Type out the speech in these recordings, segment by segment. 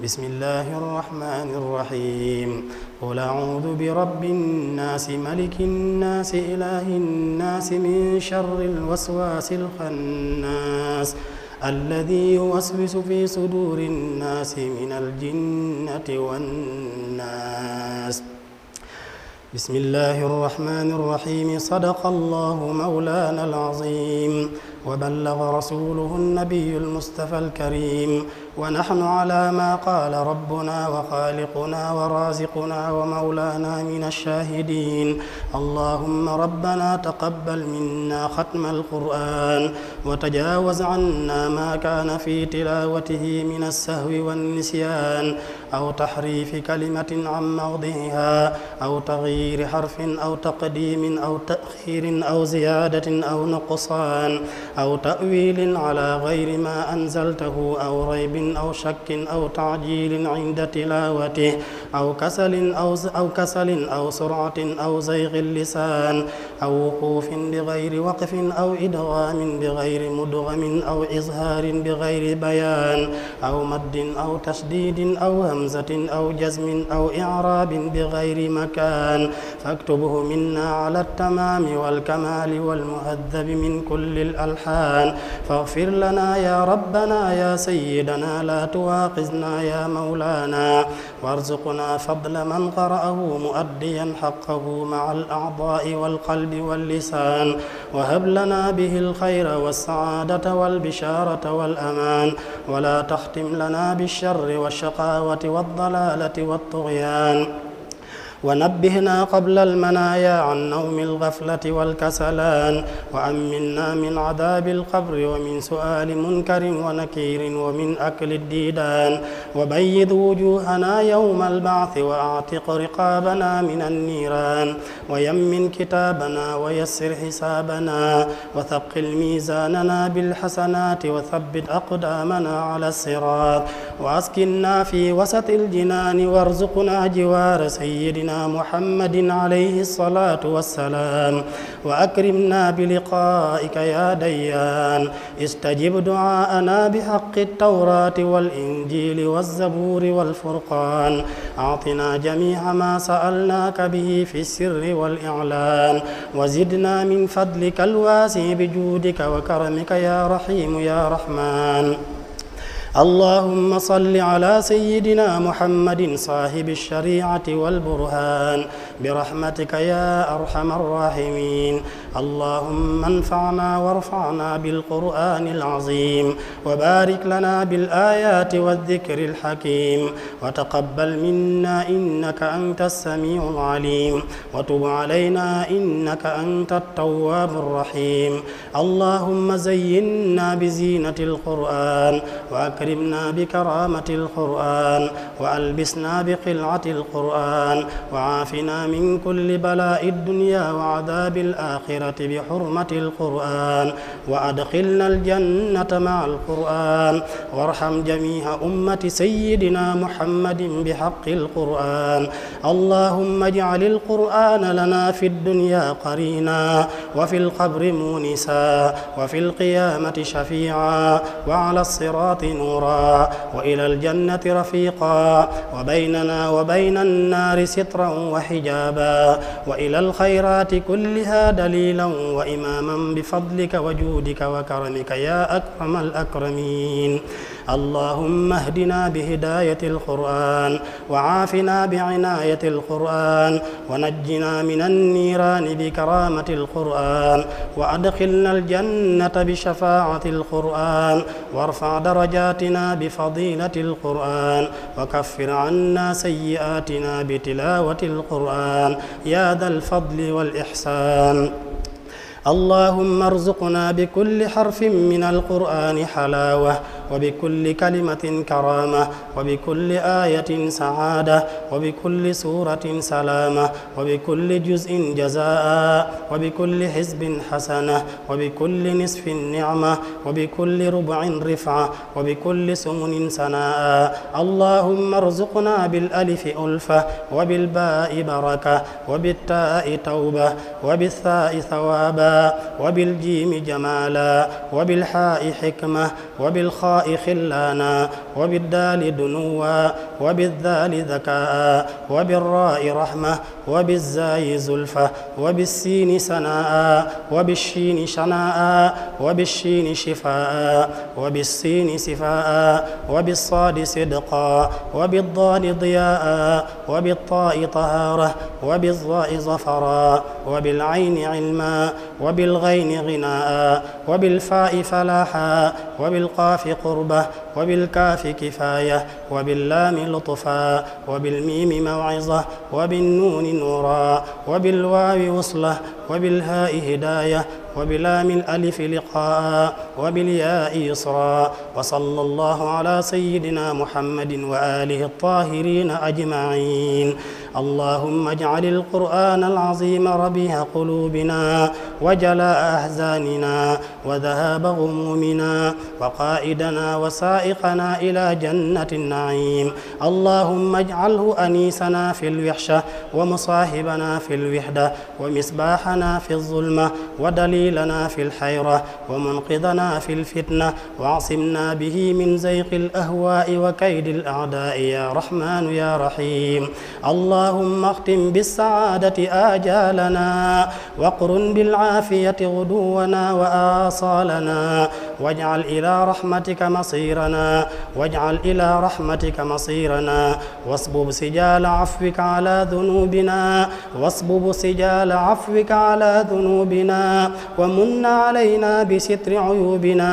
بسم الله الرحمن الرحيم قل أعوذ برب الناس ملك الناس إله الناس من شر الوسواس الخناس الذي يوسوس في صدور الناس من الجنة والناس بسم الله الرحمن الرحيم صدق الله مولانا العظيم وبلغ رسوله النبي المصطفى الكريم ونحن على ما قال ربنا وخالقنا ورازقنا ومولانا من الشاهدين اللهم ربنا تقبل منا ختم القرآن وتجاوز عنا ما كان في تلاوته من السهو والنسيان أو تحريف كلمة عن موضعها أو تغيير حرف أو تقديم أو تأخير أو زيادة أو نقصان أو تأويل على غير ما أنزلته أو ريب أو شك أو تعجيل عند تلاوته أو كسل أو أو كسل أو سرعة أو زيغ اللسان أو وقوف بغير وقف أو إدغام بغير مدغم أو إظهار بغير بيان أو مد أو تشديد أو همزة أو جزم أو إعراب بغير مكان فاكتبه منا على التمام والكمال والمهذب من كل الألحان فاغفر لنا يا ربنا يا سيدنا لا تواخذنا يا مولانا وارزقنا وأن فضل من قرأه مؤديا حقه مع الأعضاء والقلب واللسان وهب لنا به الخير والسعادة والبشارة والأمان ولا تختم لنا بالشر والشقاوة والضلالة والطغيان ونبهنا قبل المنايا عن نوم الغفلة والكسلان وأمنا من عذاب القبر ومن سؤال منكر ونكير ومن أكل الديدان وبيض وجوهنا يوم البعث وأعتق رقابنا من النيران ويمن كتابنا ويسر حسابنا وثقل ميزاننا بالحسنات وثبت أقدامنا على الصراط وأسكنا في وسط الجنان وارزقنا جوار سيدنا محمد عليه الصلاة والسلام وأكرمنا بلقائك يا ديان استجب دعاءنا بحق التوراة والإنجيل والزبور والفرقان أعطنا جميع ما سألناك به في السر والإعلان وزدنا من فضلك الواسع بجودك وكرمك يا رحيم يا رحمن اللهم صل على سيدنا محمد صاحب الشريعة والبرهان برحمتك يا أرحم الراحمين اللهم انفعنا وارفعنا بالقرآن العظيم وبارك لنا بالآيات والذكر الحكيم وتقبل منا إنك أنت السميع العليم وتب علينا إنك أنت التواب الرحيم اللهم زينا بزينة القرآن وأكرمنا بكرامة القرآن وألبسنا بقلعة القرآن وعافنا من كل بلاء الدنيا وعذاب الآخرة بحرمة القرآن وأدخلنا الجنة مع القرآن وارحم جميع أمة سيدنا محمد بحق القرآن اللهم اجعل القرآن لنا في الدنيا قرينا وفي القبر مونسا وفي القيامة شفيعا وعلى الصراط نورا وإلى الجنة رفيقا وبيننا وبين النار سترا وحجابا مآبا وإلى الخيرات كلها دليلا وإماما بفضلك وجودك وكرمك يا أكرم الأكرمين اللهم اهدنا بهداية القرآن وعافنا بعناية القرآن ونجنا من النيران بكرامة القرآن وأدخلنا الجنة بشفاعة القرآن وارفع درجاتنا بفضيلة القرآن وكفر عنا سيئاتنا بتلاوة القرآن الرحمن يا ذا الفضل والإحسان اللهم ارزقنا بكل حرف من القرآن حلاوة وبكل كلمة كرامة وبكل آية سعادة وبكل سورة سلامة وبكل جزء جزاء وبكل حزب حسنة وبكل نصف نعمة وبكل ربع رفعة وبكل سمن سناء اللهم ارزقنا بالألف ألفة وبالباء بركة وبالتاء توبة وبالثاء ثوابا وبالجيم جمالا وبالحاء حكمة وبالخاء بالراء خلانا وبالدال دنوا وبالذال ذكاء وبالراء رحمة وبالزاي زلفة وبالسين سناء وبالشين شناء وبالشين شفاء وبالسين سفاء وبالصاد صدقا وبالضاد ضياء وبالطاء طهارة وبالظاء ظفرا وبالعين علما وبالغين غناء وبالفاء فلاحا وبالقاف قربة وبالكاف كفاية وباللام لطفا وبالميم موعظة وبالنون نورا وبالواو وصلة وبالهاء هداية وبلام الألف لقاء وبالياء إصراء وصلى الله على سيدنا محمد وآله الطاهرين أجمعين اللهم اجعل القرآن العظيم ربيع قلوبنا وجلاء أحزاننا وذهاب غمومنا وقائدنا وسائقنا إلى جنة النعيم اللهم اجعله أنيسنا في الوحشة ومصاحبنا في الوحدة ومصباحنا مفتاحنا في الظلمة ودليلنا في الحيرة ومنقذنا في الفتنة وعصمنا به من زيق الأهواء وكيد الأعداء يا رحمن يا رحيم اللهم اختم بالسعادة آجالنا وقرن بالعافية غدونا وآصالنا واجعل إلى رحمتك مصيرنا واجعل إلى رحمتك مصيرنا واصبب سجال عفوك على ذنوبنا واصبب سجال عفوك على ذنوبنا ومن علينا بستر عيوبنا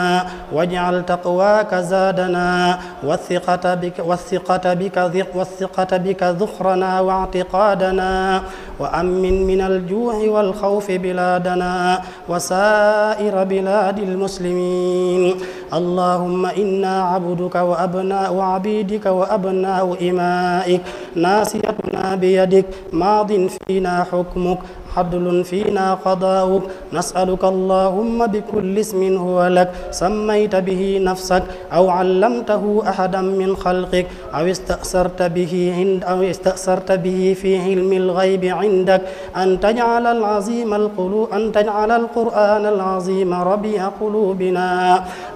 واجعل تقواك زادنا والثقة بك والثقة بك والثقة بك ذخرنا واعتقادنا وأمن من الجوع والخوف بلادنا وسائر بلاد المسلمين اللهم إنا عبدك وأبناء وعبيدك وأبناء إمائك ناصيتنا بيدك ماض فينا حكمك عدل فينا قضاؤك نسألك اللهم بكل اسم هو لك سميت به نفسك أو علمته أحدا من خلقك أو استأثرت به عند أو استأثرت به في علم الغيب عندك أن تجعل العظيم القلوب أن تجعل القرآن العظيم ربيع قلوبنا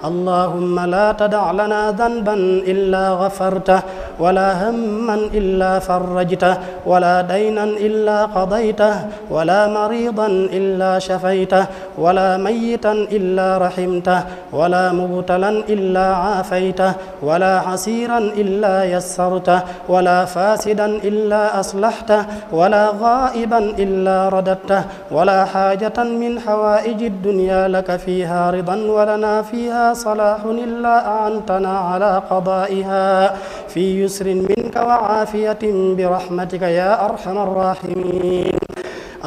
الله اللهم لا تدع لنا ذنبا إلا غفرته ولا هما إلا فرجته ولا دينا إلا قضيته ولا مريضا إلا شفيته ولا ميتا إلا رحمته ولا مبتلا إلا عافيته ولا عسيرا إلا يسرته ولا فاسدا إلا أصلحته ولا غائبا إلا رددته ولا حاجة من حوائج الدنيا لك فيها رضا ولنا فيها صلاة صلاح إلا أعنتنا على قضائها في يسر منك وعافية برحمتك يا أرحم الراحمين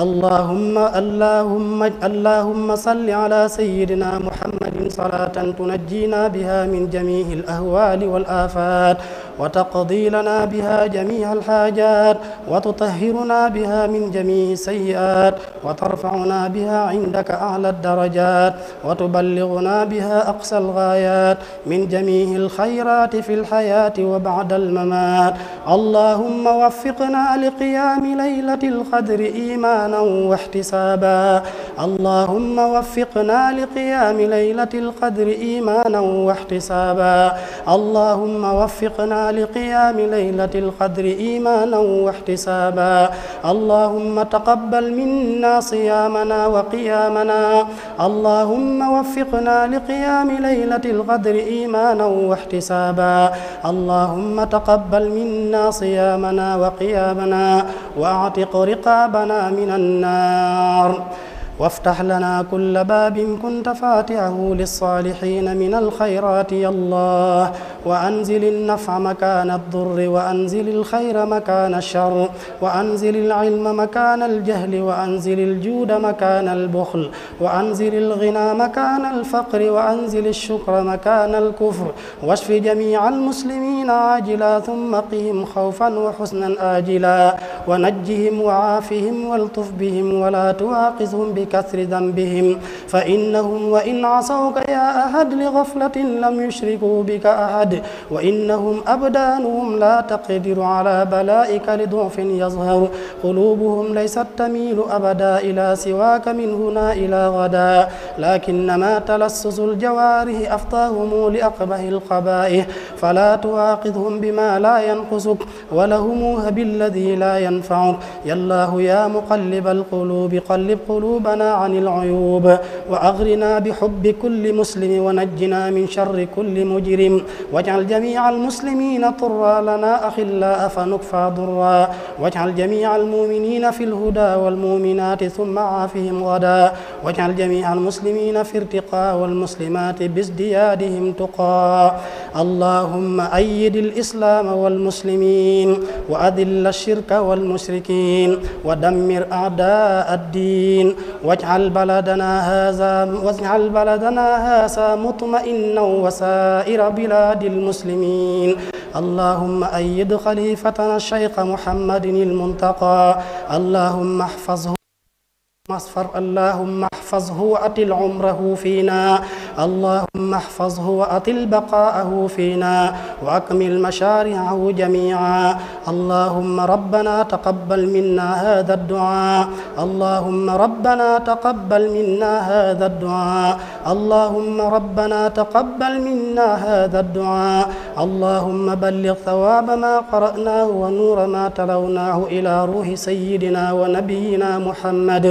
اللهم اللهم اللهم صل على سيدنا محمد صلاة تنجينا بها من جميع الأهوال والآفات وتقضي لنا بها جميع الحاجات وتطهرنا بها من جميع السيئات وترفعنا بها عندك أعلى الدرجات وتبلغنا بها أقصى الغايات من جميع الخيرات في الحياة وبعد الممات اللهم وفقنا لقيام ليلة القدر إيمانا واحتسابا اللهم وفقنا لقيام ليلة القدر إيمانا واحتسابا اللهم وفقنا لقيام ليلة القدر إيمانا واحتسابا اللهم تقبل منا صيامنا وقيامنا اللهم وفقنا لقيام ليلة القدر إيمانا واحتسابا اللهم تقبل منا صيامنا وقيامنا واعتق رقابنا من النار وافتح لنا كل باب كنت فاتحه للصالحين من الخيرات يا الله وأنزل النفع مكان الضر وأنزل الخير مكان الشر وأنزل العلم مكان الجهل وأنزل الجود مكان البخل وأنزل الغنى مكان الفقر وأنزل الشكر مكان الكفر واشف جميع المسلمين عاجلا ثم قهم خوفا وحسنا آجلا ونجهم وعافهم والطف بهم ولا تعاقزهم بك بكسر ذنبهم فإنهم وإن عصوك يا أحد لغفلة لم يشركوا بك أحد وإنهم أبدانهم لا تقدر على بلائك لضعف يظهر قلوبهم ليست تميل أبدا إلى سواك من هنا إلى غدا لكنما تلسس الجوارح أفطاهم لأقبه القبائح فلا تواقظهم بما لا ينقصك ولهم بالذي لا ينفعك يا الله يا مقلب القلوب قلب قلوبنا وكفنا عن العيوب وأغرنا بحب كل مسلم ونجنا من شر كل مجرم واجعل جميع المسلمين طرا لنا أخلاء فنكفى ضرا واجعل جميع المؤمنين في الهدى والمؤمنات ثم عافهم غدا واجعل جميع المسلمين في ارتقاء والمسلمات بازديادهم تقى اللهم أيد الإسلام والمسلمين وأذل الشرك والمشركين ودمر أعداء الدين واجعل بلدنا هذا واجعل بلدنا هذا مطمئنا وسائر بلاد المسلمين اللهم أيد خليفتنا الشيخ محمد المنتقى اللهم احفظه مصفر اللهم احفظه وأطل عمره فينا اللهم احفظه وأطل بقاءه فينا وأكمل مشاريعه جميعا اللهم ربنا تقبل منا هذا الدعاء اللهم ربنا تقبل منا هذا الدعاء اللهم ربنا تقبل منا هذا الدعاء اللهم بلغ ثواب ما قرأناه ونور ما تلوناه إلى روح سيدنا ونبينا محمد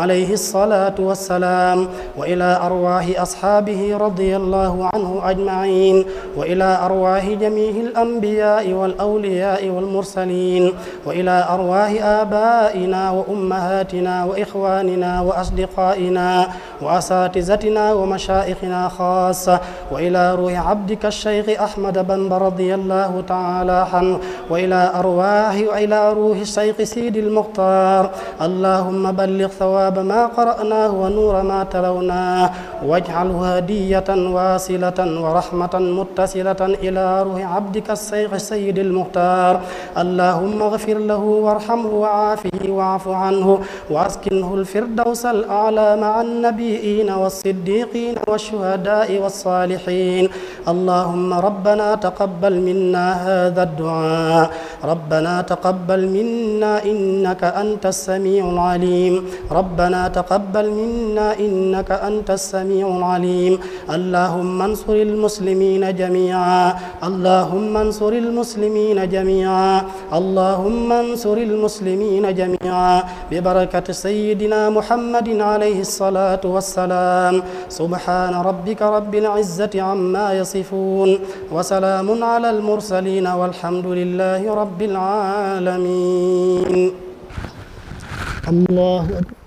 عليه الصلاة والسلام والسلام وإلى أرواح أصحابه رضي الله عنه أجمعين وإلى أرواح جميع الأنبياء والأولياء والمرسلين وإلى أرواح آبائنا وأمهاتنا وإخواننا وأصدقائنا وأساتذتنا ومشائخنا خاصة وإلى روح عبدك الشيخ أحمد بن رضي الله تعالى عنه وإلى أرواح وإلى روح الشيخ سيد المختار اللهم بلغ ثواب ما قرأناه ونور ما تلونا واجعله هدية واصلة ورحمة متصلة إلى روح عبدك الشيخ السيد المختار اللهم اغفر له وارحمه وعافه واعف عنه واسكنه الفردوس الأعلى مع النبيين والصديقين والشهداء والصالحين اللهم ربنا تقبل منا هذا الدعاء ربنا تقبل منا إنك أنت السميع العليم ربنا تقبل منا منا إنك أنت السميع العليم اللهم انصر المسلمين جميعا اللهم انصر المسلمين جميعا اللهم انصر المسلمين جميعا ببركة سيدنا محمد عليه الصلاة والسلام سبحان ربك رب العزة عما يصفون وسلام على المرسلين والحمد لله رب العالمين الله أكبر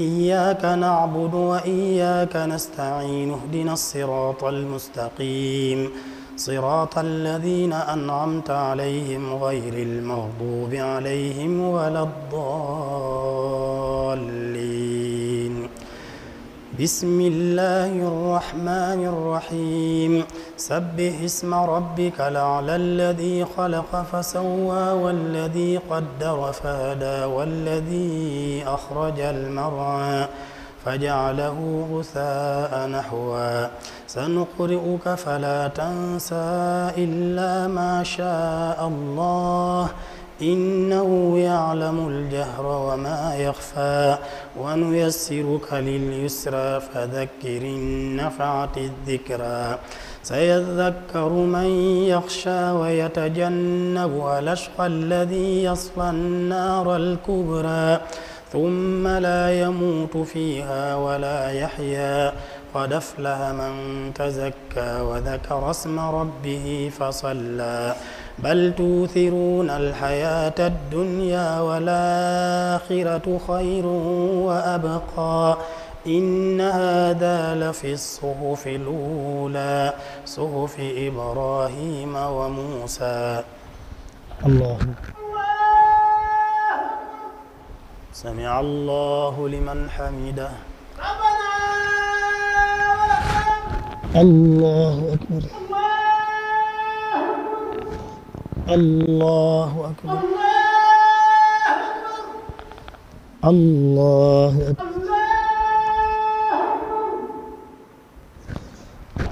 إياك نعبد وإياك نستعين اهدنا الصراط المستقيم صراط الذين أنعمت عليهم غير المغضوب عليهم ولا الضالين بسم الله الرحمن الرحيم سبح اسم ربك الأعلى الذي خلق فسوى والذي قدر فهدى والذي أخرج المرعى فجعله غثاء نحوا سنقرئك فلا تنسى إلا ما شاء الله إنه يعلم الجهر وما يخفى ونيسرك لليسرى فذكر إن نفعت الذكرى سيذكر من يخشى ويتجنبها الأشقى الذي يصلى النار الكبرى ثم لا يموت فيها ولا يحيا قد أفلح من تزكى وذكر اسم ربه فصلى بل توثرون الحياة الدنيا والآخرة خير وأبقى إن هذا لفي الصحف الأولى صحف إبراهيم وموسى الله سمع الله لمن حمده ربنا الله أكبر الله أكبر الله أكبر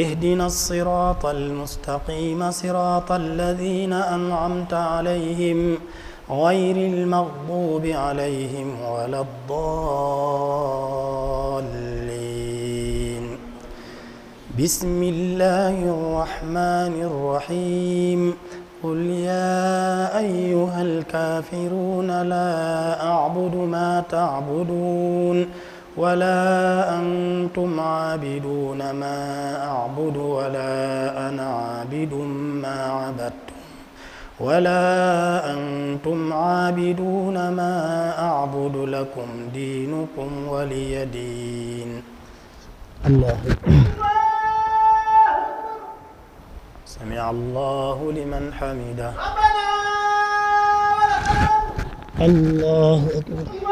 اهدنا الصراط المستقيم صراط الذين أنعمت عليهم غير المغضوب عليهم ولا الضالين بسم الله الرحمن الرحيم قل يا أيها الكافرون لا أعبد ما تعبدون ولا أنتم عابدون ما أعبد ولا أنا عابد ما عبدتم ولا أنتم عابدون ما أعبد لكم دينكم ولي دين الله سمع الله لمن حمده الله أكبر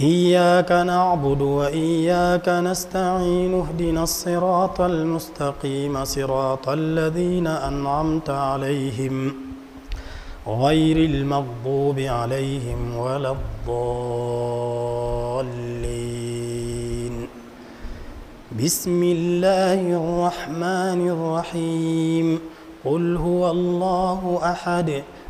إياك نعبد وإياك نستعين اهدنا الصراط المستقيم صراط الذين أنعمت عليهم غير المغضوب عليهم ولا الضالين بسم الله الرحمن الرحيم قل هو الله أحد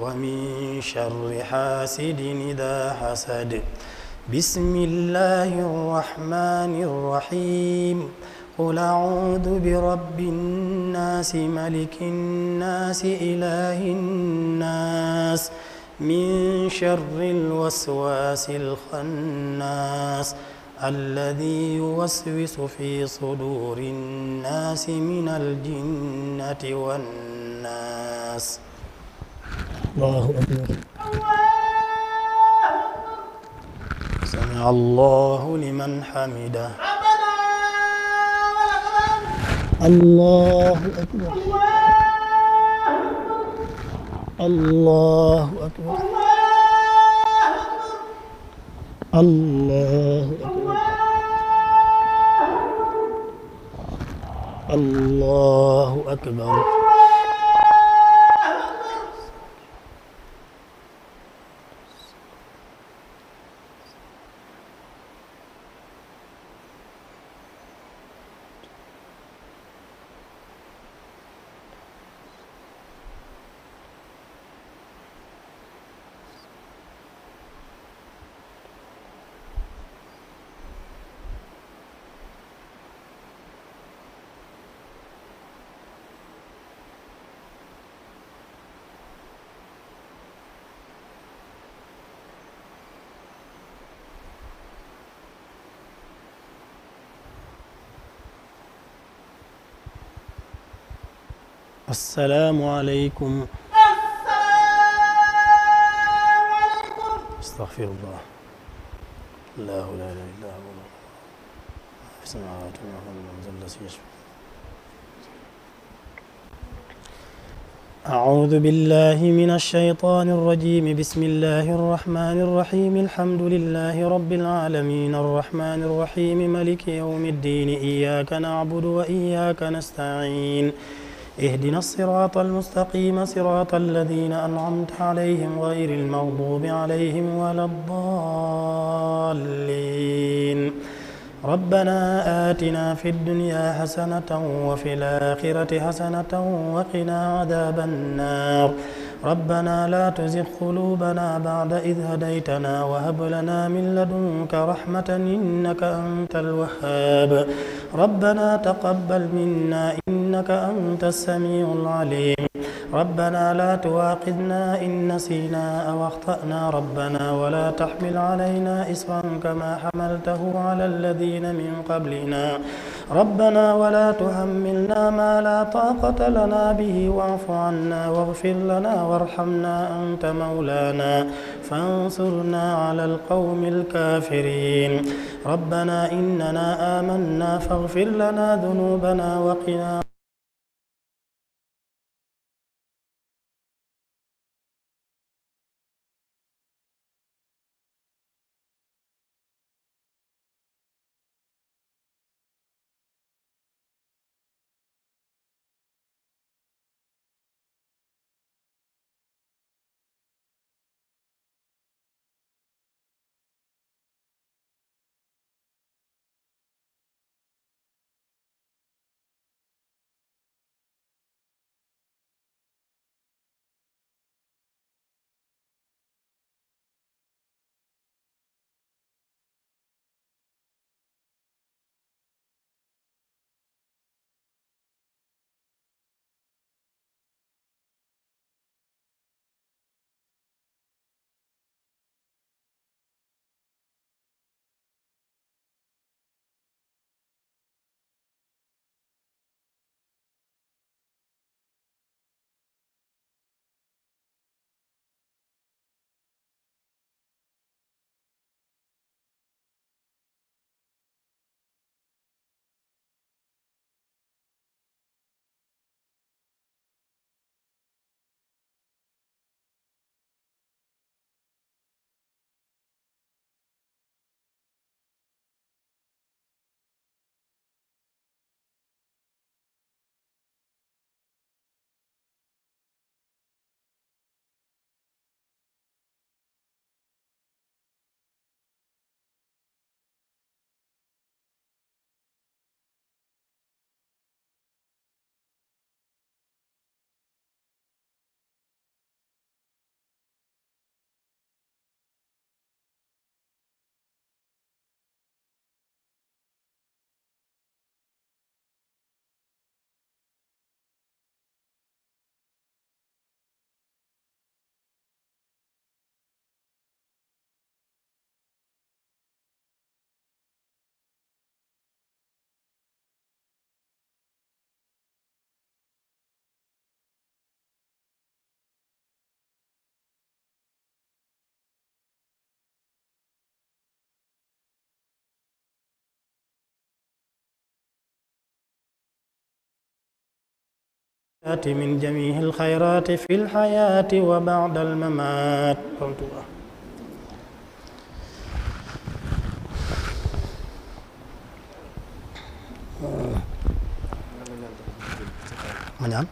ومن شر حاسد إذا حسد بسم الله الرحمن الرحيم قل أعوذ برب الناس ملك الناس إله الناس من شر الوسواس الخناس الذي يوسوس في صدور الناس من الجنة والناس allahu akbar sami allahu liman hamida allahu akbar allahu akbar allahu akbar allahu akbar asalaamualeykum. asalaamualeykum. astaghfirullah. laahu laa ilaaha illaa huwa as-samaawaatu wal-ardi. أعوذ بالله من الشيطان الرجيم بسم الله الرحمن الرحيم الحمد لله رب العالمين الرحمن الرحيم ملك يوم الدين إياك نعبد وإياك نستعين اهدنا الصراط المستقيم صراط الذين أنعمت عليهم غير المغضوب عليهم ولا الضالين ربنا آتنا في الدنيا حسنة وفي الآخرة حسنة وقنا عذاب النار ربنا لا تزغ قلوبنا بعد إذ هديتنا وهب لنا من لدنك رحمة إنك أنت الوهاب ربنا تقبل منا إنك أنت السميع العليم ربنا لا تواقدنا إن نسينا أو أخطأنا ربنا ولا تحمل علينا إصرا كما حملته على الذين من قبلنا ربنا ولا تحملنا ما لا طاقة لنا به واعف عنا واغفر لنا وارحمنا أنت مولانا فانصرنا على القوم الكافرين ربنا إننا آمنا فاغفر لنا ذنوبنا وقنا min jamiihi alxayraati fi alxayaati wa ba'da almamaat ma ñaan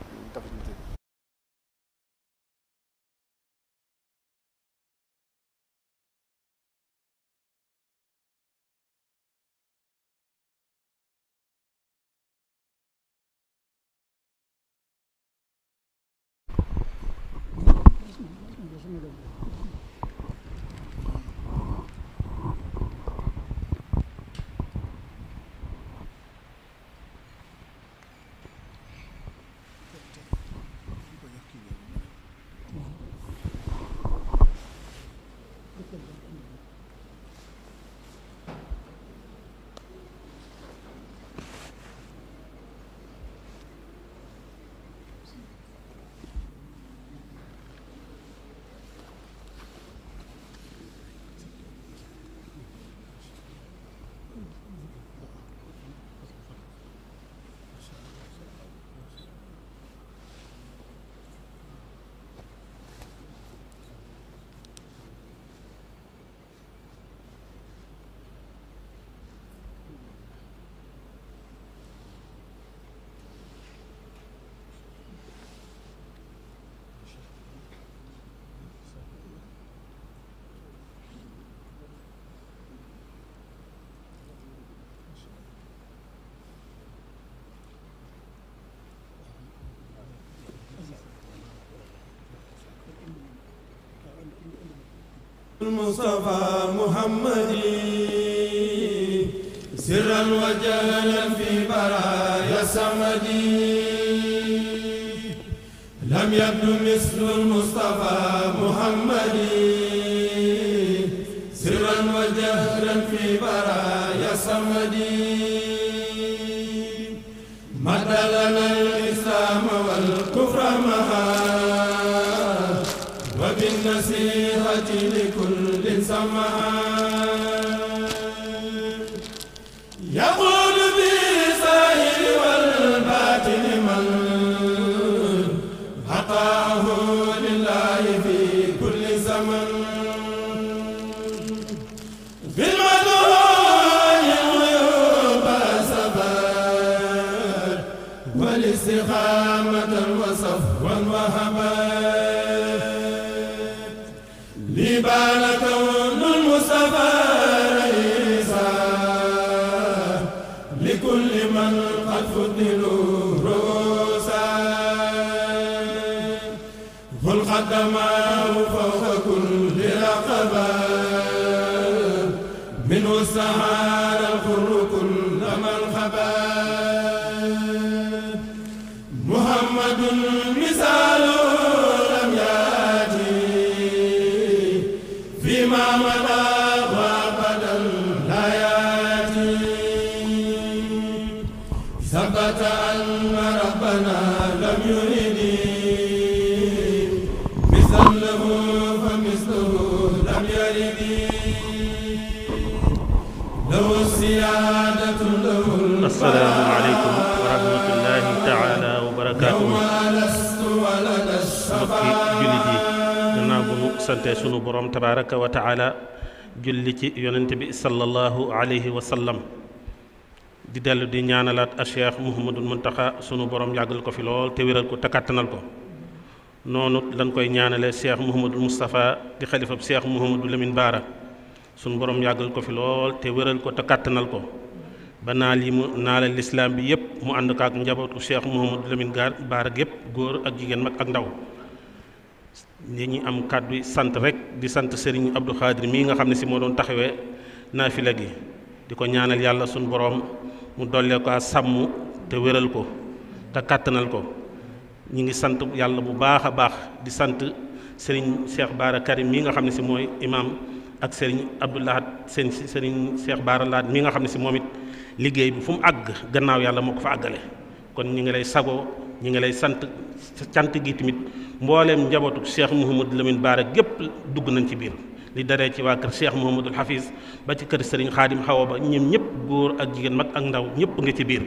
المصطفى محمد سرا وجلا في برايا الصمد لم يبدو مثل المصطفى محمد أعطاه sante sunu boroom tabaraka wa taala julli ci yonent bi sallallahu alayhi wa di dellu di ñaanalaat a cheikh muhammadul muntaxa sunu borom yàggal ko fi lool te wéral ko te kàttanal ko noonu lañ koy ñaanale cheikh muhammadul moustapha di xalifab cheikh muhammadul lamin baara sunu borom yàggal ko fi lool te wéral ko te kàttanal ko ba naa yi mu naalal lislaam bi yëpp mu ànd ko ak njabootu cheikh muhammadul lamin gaar baara yëpp góor ak jigéen mag ak ndaw dañuy am kàddu sant rek di sant Serigne Abdou Khadir mii nga xam ne si moo doon taxawee naafila gi di ko ñaanal yàlla suñu boroom mu dollee ko sàmm te wéral ko te kàttanal ko ñu ngi sant yàlla bu baax a baax di sant Serigne Cheikh Baara Karim mii nga xam ne si mooy imaam ak Serigne Abdou Lahad seen Serigne Cheikh Baara Lahad mii nga xam ne si moom it liggéey bi fu mu àgg gannaaw yàlla moo ko fa àggale kon ñu ngi lay sagoo. ñi ngi lay sant cant gi tamit mbooleem njabootu cheikh Mouhamadou Lamine Baara gépp dugg nañ ci biir li daree ci waa kër cheikh Mouhamadou Hafiz ba ci kër Serigne Khadim Xawa ba ñoom ñëpp góor ak jigéen mag ak ndaw ñëpp nga ci biir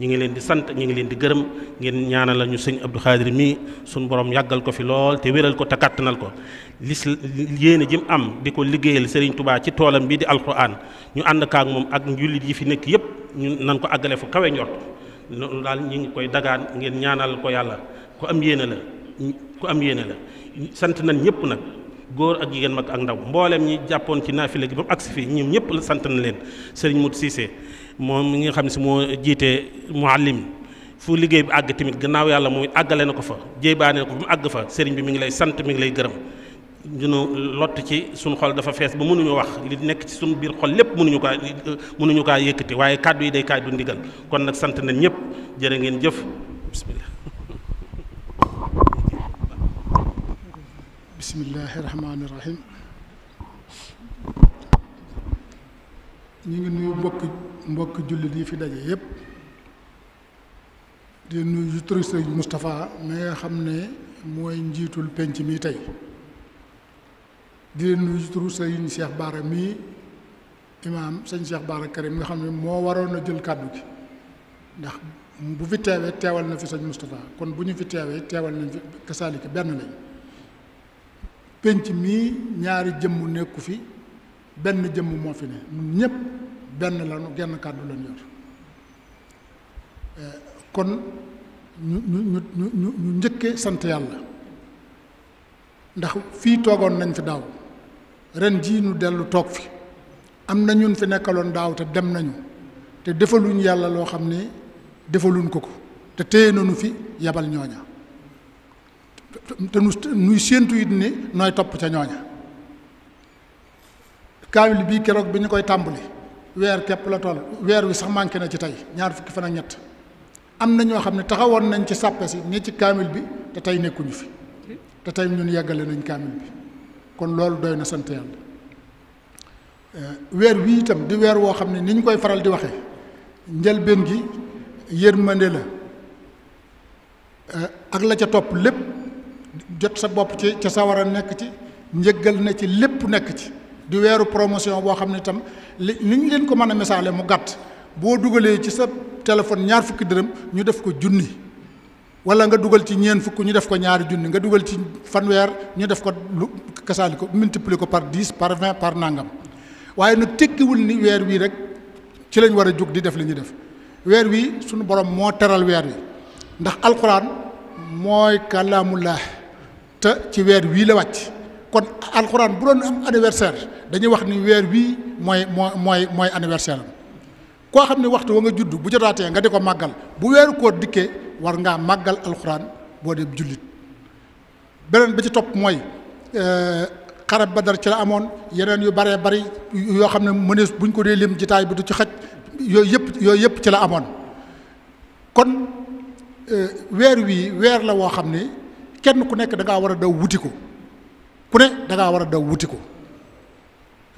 ñi ngi leen di sant ñi ngi leen di gërëm ngeen ñaanal la ñu sëñ Abdou Khadir mii suñu borom yàggal ko fi lool te wéral ko te kàttanal ko lis yéene ji mu am di ko liggéeyal Serigne Touba ci toolam bii di alquran ñu ànd kaak moom ak njullit yi fi nekk yëpp ñu nan ko àggale fu kawe njort loolu daal ñu ngi koy dagaan ngeen ñaanal ko yàlla ku am yéene la ku am yéene la sant na ñëpp nag góor ak jigéen mag ak ndaw mbooleem ñi jàppoon ci naafila gi ba mu agsi fii ñoom ñëpp la sant na leen sëriñ Mut Siise moom mu ngi xam si moo jiite muallim fu liggéey bi àgg tamit gannaaw yàlla moom àggale na ko fa jéebaane na ko ba mu àgg fa sëriñ bi mu ngi lay sant mi ngi lay gërëm ñu lott ci suñu xol dafa fees ba mënuñu wax li nekk ci suñu biir xol lépp mënuñu kaa mënuñu kaa yëkkati waaye kàddu yi day kàddu ndigal kon nag sant nañ ñëpp jërë ngeen jëf bismillah bismillahi rahmaani ñu ngi nuyu mbokk mbokk jullit yi fi daje yépp di nuyu turu Sëriñ Moustapha mi xam ne mooy njiitul penc mi tey di leen nuyu turu seex Cheikh Bara mii imaam sëñ Cheikh Bara Karim nga xam ne moo waroon a jël kàddu gi ndax bu fi teewee teewal na fi ñu Moustapha kon bu ñu fi teewee teewal nañ fi kasaalika benn lañ penc mii ñaari jëmm nekku fi benn jëmm moo fi ne ñun ñépp benn lanu genn kàddu lañ yor eh, kon ñu ñu ñu ñu ñu njëkkee sant yàlla ndax fii toogoon nañ fi daaw ren jii nu dellu toog fi am na ñun fi nekkaloon daaw te dem nañu te defaluñ yàlla loo xam ne defaluñ ko ko te téye nañu fi yabal ñooña te nuy séentu it ni nooy topp ca ñooña kaamil bii keroog bi ñu koy tàmbali weer képp la toll weer wi sax manqué na ci tey ñaar fukki fan ak ñett am na ñoo xam ne taxawoon nañ ci sàppe si ni ci kaamil bi te tey nekkuñu fi te tey ñun yeggale nañ kaamil bi kon loolu doy na sant yàlla eh, weer wi itam di weer woo xam ne ni ñu koy faral di waxee njëlbeen gi yërmande la eh, ak la ca topp lépp jot sa bopp ci ca sawara nekk ci njëggal na ci lépp nekk ci di weeru promotion boo xam ne itam li ni ñu leen ko mën a misaale mu gàtt boo dugalee ci sa téléphone ñaar fukki dërëm ñu def ko junni wala nga dugal ci ñeen fukk ñu def ko ñaari junni nga dugal ci fanweer ñu def ko lu kasaali ko multiplier ko par dix par vingt par nangam waaye nag tekkiwul ni weer wii rek ci lañ war a jóg di def li ñuy def weer wi suñu borom moo teral weer wi ndax alquran mooy kalaamullah te ci weer wii la wàcc kon alxuraan bu doon am anniversaire dañuy wax ni weer wii mooy moo mooy mooy anniversaire am koo xam ne waxtu wa nga juddu bu jotaatee nga di ko màggal bu weeru koor dikkee war ngaa màggal alxuraan boo dee jullit beneen ba ci topp mooy Euh, xarab badar ci la amoon yeneen yu baree bari yoo xam ne mënees buñ ko dee lim jitaay bi du ci xaj yooyu yëpp yooyu yëpp ci la amoon kon euh, weer wii weer la woo xam ne kenn ku nekk da war a daw wuti ko ku ne da a daw wuti ko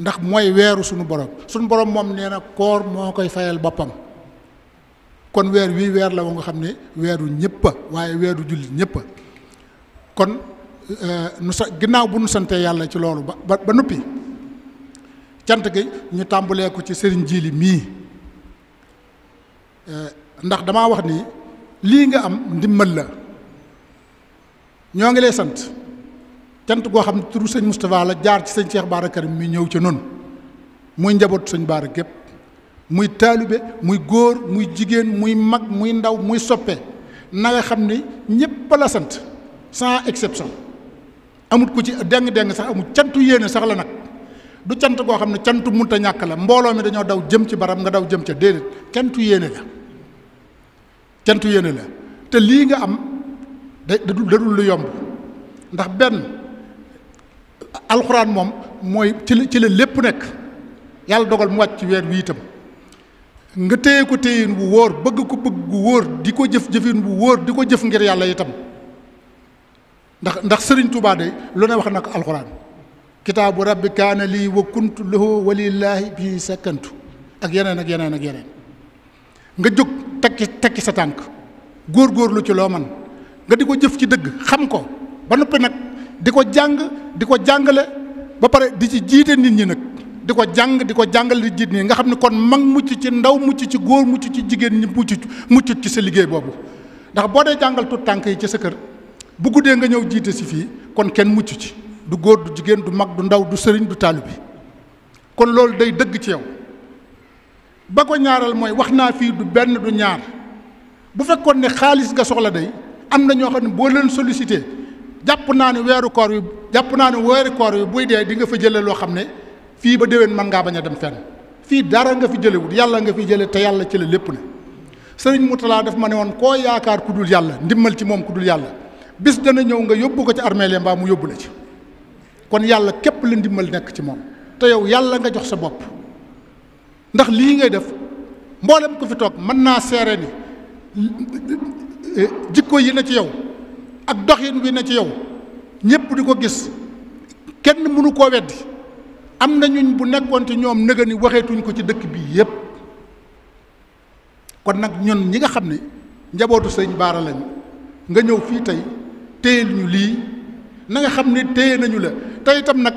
ndax mooy weeru sunu borom sunu borom moom nee na koor moo koy fayal boppam kon weer wii weer la woo nga xam ne weeru ñëpp waaye weeru jullit ñëpp kon. Euh, nu sa ginnaaw bu nu santee yàlla ci loolu ba ba noppi cant gi ñu tàmbulee ko ci sëriñ jiili mii euh, ndax damaa wax ni lii nga am ndimbal la ñoo ngi lay sant cant goo xam ne turu sëñ Moustapha la jaar ci sëñ Cheikh Bara Karim mi ñëw ci noonu muy njaboot sëñ Bara gépp muy taalibe muy góor muy jigéen muy mag muy ndaw muy soppe na xam ni ñépp la sant sans exception amut ku ci deng-deng sax amut cantu yéene sax la nag du cant goo xam ne cantu munta ñàkk la mbooloo mi dañoo daw jëm ci barab nga daw jëm ca déedéet cantu yéene la cantu yéene la te lii nga am da dadul lu yomb ndax benn alxuraan moom mooy ci la ci la lépp nekk yàlla dogal mu wàcc weer wi itam nga téye ko téyin wu wóor bëgg ko bëgg wóor di ko jëf jëfin bu wóor di ko jëf ngir yàlla itam ndax ndax sëriñ Tuubaa de lu ne wax na ko alxuraan kitaabu rabbi kaana lii wa kuntu lahu walillaahi bi sakkantu ak yeneen ak yeneen ak yeneen nga jóg tekki tekki sa tànk góor-góorlu ci loo man nga di ko jëf ci dëgg xam ko ba noppi nag di ko jàng di ko jàngale ba pare di ci jiite nit ñi nag di ko jàng di ko jàngale di jiit nii nga xam ne kon mag mucc ci ndaw mucc ci góor mucc ci jigéen ñi mucc muccut ci sa liggéey boobu ndax boo dee jàngal tànk yi ci sa kër bu guddee nga ñëw jiite si fii kon kenn mucc ci du góor du jigéen du mag du ndaw du sëriñ du taalibe kon loolu day dëgg ci yow ba ko ñaaral mooy wax naa fii du benn du ñaar bu fekkoon ne xaalis nga soxla day am na ñoo xam ne boo leen sollicité jàpp naa ne weeru koor wi jàpp naa ne weeru koor wi buy dee di nga fa jëlee loo xam ne fii ba déwén mën ngaa bañ a dem fenn fii dara nga fi jëlewut yàlla nga fi jële te yàlla ci la lépp ne sëriñ Moutala daf ma ne woon koo yaakaar ku dul yàlla ndimmal ci moom ku dul yàlla bis dana ñëw nga yóbbu ko ci armeel mbaa mu yóbbu la ci kon yàlla képp la ndimbal nekk ci moom te yow yàlla nga jox sa bopp ndax lii ngay def mboolem ko fi toog mën naa seere ni eh, jikko yi na ci yow ak doxin wi na ci yow ñépp di ko gis kenn mënu koo weddi am na ñuñ bu nekkoon ci ñoom nëga ni waxeetuñ ko ci dëkk bii yépp kon nag ñun ñi nga xam ni njabootu sëñ Baara nga ñëw fii tey téyel ñu lii nanga xam ne téye nañu la te itam nag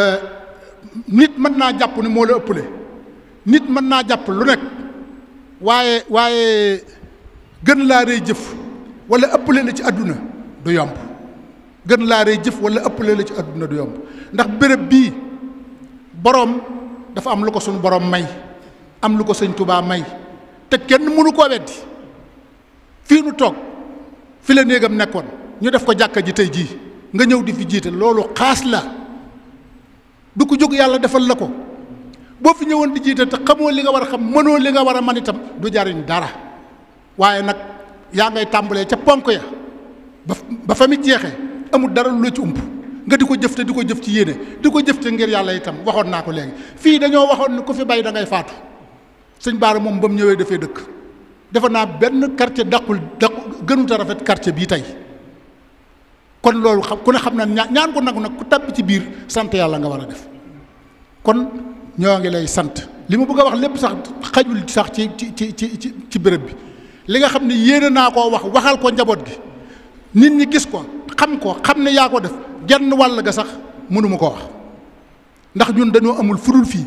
euh, nit mën naa jàpp ne moo la ëppale nit mën naa jàpp lu nekk waaye waaye gën laa rey jëf wala ëpp la ci àdduna du yomb gën laa rëy jëf wala ëppale la ci àdduna du yomb ndax béréb bii boroom dafa am lu ko suñu boroom may am lu ko sëñ Tuubaa may te kenn mënu koo weddi fii nu toog fi la néegam nekkoon ñu def ko jàkka ji tey jii nga ñëw di fi jiite loolu xaas la du ko jóg yàlla defal la ko boo fi ñëwoon di jiite te xamoo li nga war a xam mënoo li nga war a man itam du jariñ dara waaye nag yaa ngay tàmbalee ca ponk ya ba ba fa mi jeexee amul dara lu la ci ump nga di ko jëf te di ko jëf ci yéene di ko jëf te ngir yàlla itam waxoon naa ko léegi fii dañoo waxoon ni ku fi bay dangay ngay faatu sëñ baar moom ba mu ñëwee defee dëkk defe naa benn quartier dàqul dàqu gënuta rafet quartier bii tey kon loolu xam ku ne xam na ñaan ko nangu nag ku tàbbi ci biir sant yàlla nga war a def kon ñoo ngi lay sant li ma bëgg a wax lépp sax xajul sax ci ci ci ci ci béréb bi li nga xam ne yéene naa koo wax waxal ko njaboot gi nit ñi gis ko xam ko xam ne yaa ko def genn wàll ga sax mënuma ko wax ndax ñun dañoo amul fudul fii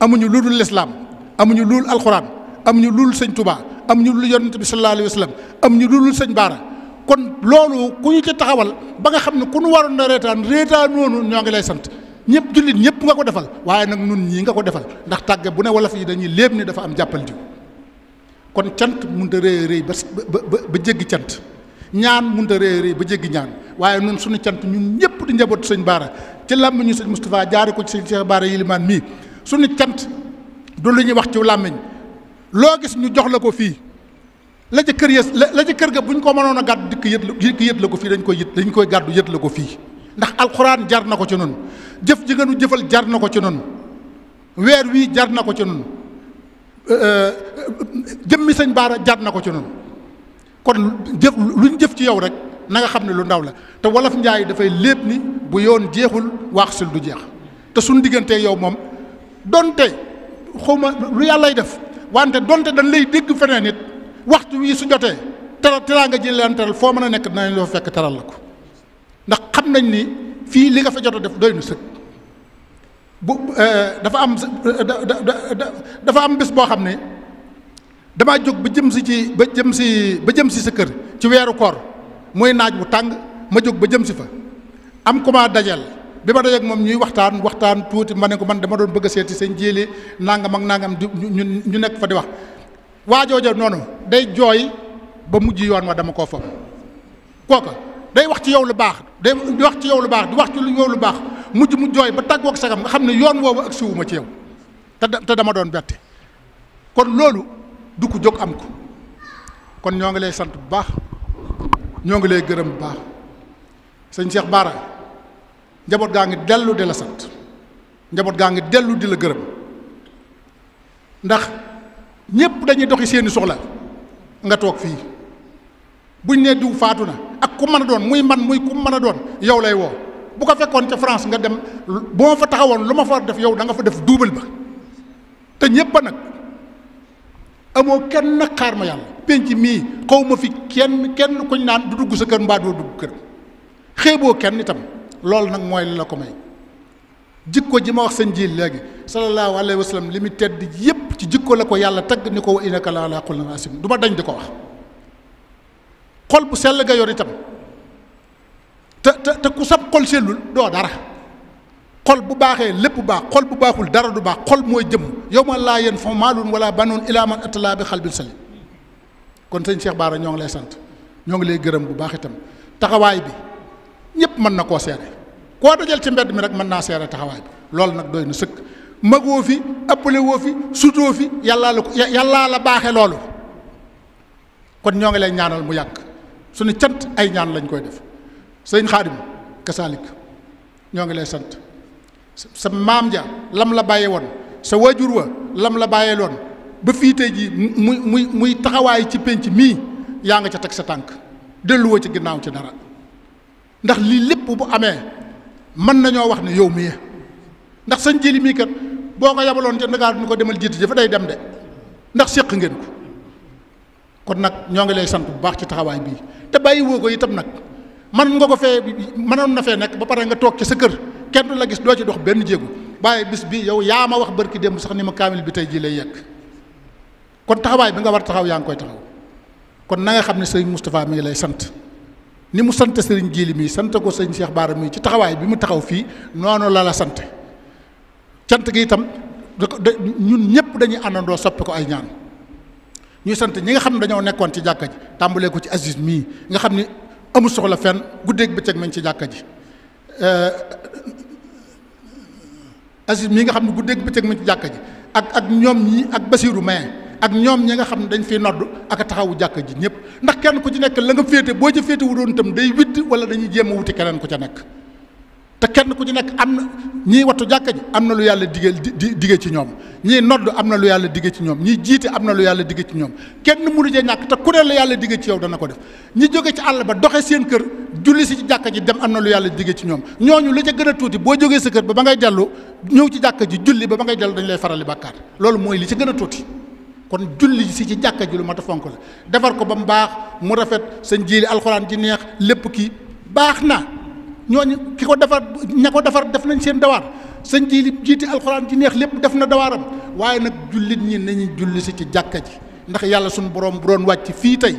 amuñu lu dul lislaam amuñu lu dul alxuraan amuñu lu dul sëñ tubaa amuñu lu dul yonent bi sallallahu alayhi wa amuñu lu dul sëñ baara kon loolu ku ñu ci taxawal ba nga xam ne ku nu waroon na reetaan reetaan noonu ñoo ngi lay sant ñëpp jullit ñëpp nga ko defal waaye nag nun ñii nga ko defal ndax tàgge bu ne wolof yi dañuy léeb ne dafa am jàppal jiw kon cant mënut a rëy rëy ñaan mënut a rëy ba jéggi ñaan waaye nun suñu cant ñun ñëpp di njabootu sëñ Baara ci làmb ñu sëñ Moustapha jaare ko ci sëñ Cheikh Baara Yilimaan mii suñu cant du lu ñuy wax ci làmmiñ loo gis ñu jox la ko fii la kër ya la kër ga bu ñu ko mënoon a gàddu dikk yët yët la ko fii dañ koy yët dañ koy gàddu la ko fii ndax alxuraan jar na ko ci noonu jëf ji nga jëfal jar na ko ci noonu weer wii jar na ko ci noonu jëmmi sëñ baara jar na ko ci noonu kon jëf lu ñu jëf ci yow rek na nga xam ne lu ndaw la te wolof njaay dafay lépp ni bu yoon jeexul waax sil du jeex te suñu diggantee yow moom donte xawma lu yàllay def wante donte dañ lay dégg feneen it waxtu wii su jotee teral teraanga ji leen teral foo mën a nekk dinañ la fekk teral la ko ndax xam nañ ni fii li nga fa jot a def doy nu sëkk bu eh, dafa am eh, dafa am bis boo xam ne damaa jóg ba jëm si ci ba jëm si ba si sa kër ci weeru koor muy naaj bu tàng ma jóg ba jëm si fa am ku ma dajal bi ma dajeeg moom ñuy waxtaan waxtaan tuuti ma ne ko man dama doon bëgg a seeti seen jéeli nangam ak nangam di ñu nekk fa di wax waajooja noonu day jooy ba mujj yoon ma dama koo foog kooka day wax ci yow lu baax day wax ci yow lu baax di wax ci yow lu baax mujj mu jooy ba tàggoog sagam nga xam ne yoon woowu ak siwuma ci yow te te dama doon bette kon loolu du ko jóg am ko kon ñoo ngi lay sant bu baax ñoo ngi lay gërëm bu baax sëñ Cheikh Bara njaboot gaa ngi dellu di la sant njaboot gaa ngi dellu di la gërëm ndax ñépp dañuy doxi seeni soxla nga toog fii buñ nee diw faatu na ak ku mën a doon muy man muy ku mën a doon yow lay woo bu ko fekkoon ca France nga dem boo fa taxawoon lu ma fa def yow da nga fa def duubal ba te ñëpp nag amoo kenn nag xaar ma yàlla penc mii xaw fi kenn kenn kuñ naan du dugg sa kër mbaa doo dugg kër xeeboo kenn itam loolu nag mooy la ko may jikko ji ma wax seen jiil léegi sallallahu alayhi wa sallam li mu tedd yépp ci jikko la ko yàlla tagg ni ko wa innaka la ala xulna asim du ma dañ di ko wax xol bu sell nga yor itam te te te ku sab xol sellul doo dara xol bu baaxee lépp baax xol bu baaxul dara du baax xol mooy jëmm yow ma laa yéen fa maalun ba banoon ilaa man atalaa bi xalbil salim kon sëñ Cheikh Baara ñoo ngi lay sant ñoo ngi lay gërëm bu baax itam taxawaay bi ñépp mën na koo seere koo dajal ci mbedd mi rek mën naa seere taxawaay bi loolu nag doy na sëkk magoo fi ëppale fi sutoo fi yàllaa la ko yàllaa la baaxe loolu kon ñoo ngi lay ñaanal mu yàgg suñu cant ay ñaan lañ koy def sëñ Xaadim kasaalik ñoo ngi lay sant sa maam ja lam la bàyyee woon sa waajur wa lam la bàyyee loon ba fii te jii muy muy muy taxawaay ci pénc mii yaa ngi ca teg sa tànk delluwoo ci ginnaaw ci dara ndax lii lépp bu amee mën nañoo wax ne yow mii ndax sëñ jili mii kat boo ko yabaloon ca Ndakaaru ni ko demal jiite dafa day dem de ndax séq ngeen ko kon nag ñoo ngi lay sant bu baax ci taxawaay bii te bàyyi woo ko itam nag man nga ko fee mënoon na fee nekk ba pare nga toog ci sa kër kenn du la gis doo ci dox benn jéegu waaye bis bi yow yaa ma wax barki démb sax ni ma kaamil bi tey jii lay yegg kon taxawaay bi nga war taxaw yaa ngi koy taxaw kon na xam ne sëñ Moustapha mi lay sant ni mu sant sëriñ Jili mii sant ko sëriñ Cheikh Baara mii ci taxawaay bi mu taxaw fii noonu la la sant cant gi itam da ñun ñëpp dañuy àndandoo soppi ko ay ñaan ñuy sant ñi nga xam ne dañoo nekkoon ci jàkka ji tàmbalee ko ci Aziz mii nga xam ni amul soxla fenn guddeeg bëccëg mañ ci jàkka ji eh, Aziz mii nga xam ne guddeeg bëccëg nañ ci jàkka ji ak ak ñoom ñii ak Basiiru Maye ak ñoom ñi nga xam ne dañ fiy nodd ak taxawu jàkk ji ñëpp ndax kenn ku ci nekk la nga féete boo ca féete wu tam itam day witt wala dañuy jéem wuti keneen ku ca nekk te kenn ku ci nekk am na ñiy wattu jàkka am na lu yàlla digal di dige ci ñoom ñiy nodd am na lu yàlla ci ñoom ñiy jiite am na lu yàlla dige ci ñoom kenn mënu cee ñàkk te ku ne la yàlla dige ci yow dana ko def ñi jóge ci àll ba doxe seen kër julli si ci jàkka ji dem am na lu yàlla dige ci ñoom ñooñu li ca gën a tuuti boo jógee sa kër ba ba ngay dellu ñëw ci jàkka ji julli ba ba ngay dellu dañ lay farali bàkkaar loolu mooy li ci gën a tuuti kon julli si ci jàkka ji lu mat a fonk la defar ko ba mu baax mu rafet sa njiili alxuraan ji neex lépp kii baax na ñooñu ki ko defar ña ko defar def nañ seen dawaar sa njiili jiiti alxuraan ji neex lépp def na dawaaram waaye nag jullit ñi nañu julli si ci jàkka ji ndax yàlla suñu borom bu doon wàcc fii tey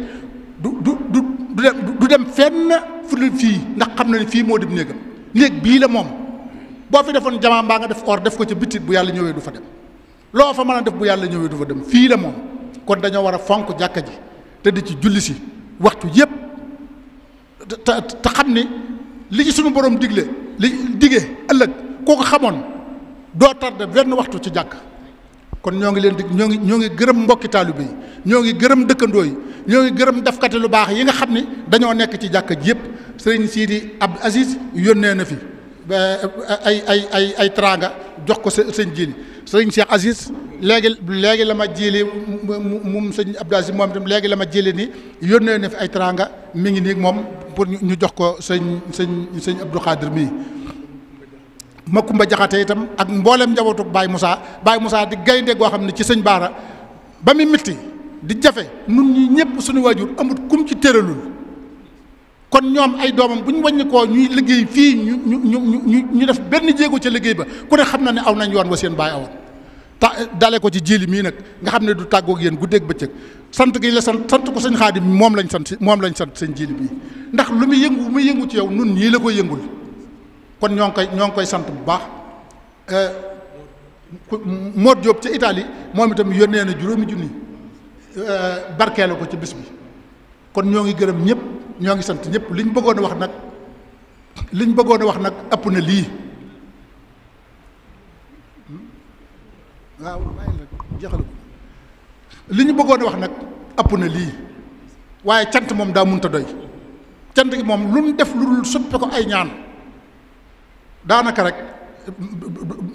du du du dem du dem fenn fu fii ndax xam na ne fii moo dem néegam néeg bii la moom boo fi defoon jamaa mbaa nga def or def ko ca bitit bu yàlla ñëwee du fa dem. loo fa mën def bu yàlla ñëwee du fa dem fii la moom kon dañoo war a fonk jàkka ji te di ci julli si waxtu yépp te xam ni li ci suñu borom digle li digee ëllëg koo ko xamoon doo tardé benn waxtu ci jàkk kon ñoo ngi leen di ñoo ngi ñoo ngi gërëm mbokki taalibe yi ñoo ngi gërëm dëkkandoo yi ñoo ngi gërëm defkati lu baax yi nga xam ni dañoo nekk ci jàkka ji yëpp sëriñ di Abdou Aziz yónnee na fi ay ay ay ay jox ko sëñ jiini sëriñ Cheikh Aziz léegi léegi la ma jili moom sëñ Abdou Aziz moom itam léegi la ma jili ni yónnee na fi ay teraanga mi ngi nii moom pour ñu jox ko sëñ sëñ sëñ Abdou Khadir mii Makumba Jaxate itam ak mboolem njabootu Baye Moussa Baye Moussa di gaynde goo xam ne ci sëñ Baara ba mu mitti di jafe nun ñi ñëpp suñu waajur amut kum ci tëralul kon ñoom ay doomam bu ñu wàññi koo ñuy liggéey fii ñu ñu ñu ñu def benn jéego ca liggéey ba ku ne xam na ne aw nañ yoon wa seen baay awoon ta dale ko ci jiili mii nag nga xam ne du tàggoog yéen guddeeg bëccëg sant gi la sant sant ko sëñ xaadim moom lañ sant moom lañ sant sëñ jiili mii ndax lu muy yëngu muy yëngu ci yow nun ñii la koy yëngul kon ñoo ngi koy ñoo ngi koy sant bu baax euh, Mood Diop ca Italie moom itam yónnee na juróomi junni euh, barkeelu ko ci bis bi kon ñoo ngi gërëm ñëpp ñoo ngi sant ñëpp liñ bëggoon a wax nag liñ bëggoon a wax nag ëpp na lii waaw bàyyi rek jeexalu li ñu bëggoon wax nag ëpp na lii waaye cant moom daa munta doy cant gi moom lu ñu def lu dul soppe ko ay ñaan daanaka rek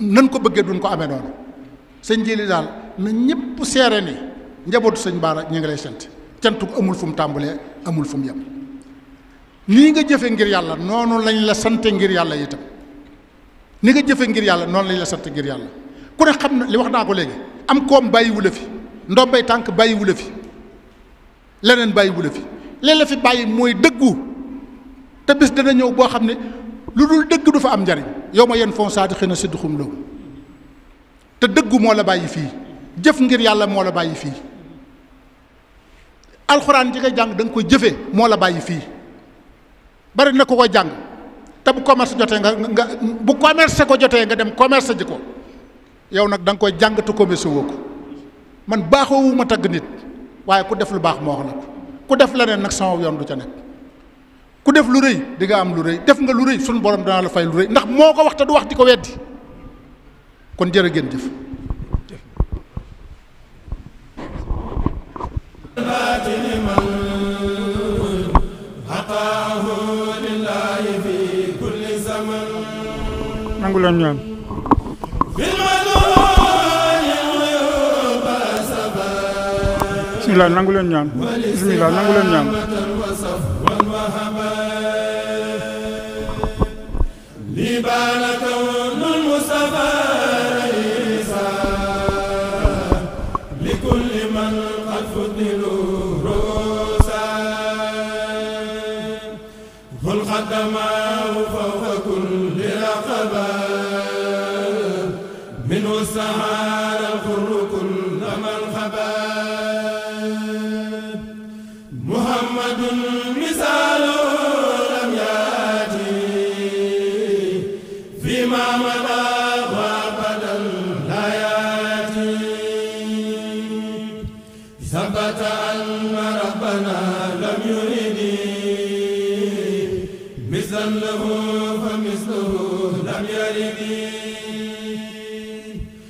nan ko bëggee duñ ko amee noonu sëñ jili daal na ñëpp seere ni njabootu sëñ Baara ñu ngi lay sant cant ko amul fu mu tàmbalee amul fu mu yem nii nga jëfe ngir yàlla noonu lañu la sante ngir yàlla itam ni nga jëfe ngir yàlla noonu lañ la sante ngir yàlla ku ne xam na li wax naa ko léegi am koom bàyyiwule la fi ndombay tànk bàyyiwule fi leneen bàyyiwu la fi leen la fi bàyyi mooy dëggu te dana ñëw boo xam ne lu dul dëgg fa am njariñ yow ma yenn fonsaati xëy na siddu xum law te dëggu moo la bàyyi fii jëf ngir yàlla moo la bàyyi fii alxuraan ji nga jàng da nga koy jëfee moo la bàyyi fii bari na ko koy jàng te bu commerce jotee nga nga bu commerce ko jotee nga dem commerce ji ko yow nag danga nga koy jàngatu commission woo ko man baaxoowu ma tagg nit waaye ku def lu baax ma wax la ko ku def leneen nag sama yoon du ca nekk ku def lu rëy di nga am lu rëy def nga lu rëy sunu borom danaa la fay lu rëy ndax moo ko wax te du wax di ko weddi kon jërë ngeen jëf. bismillah nangu leen ñaan bismillah nangu leen ñaan li balaka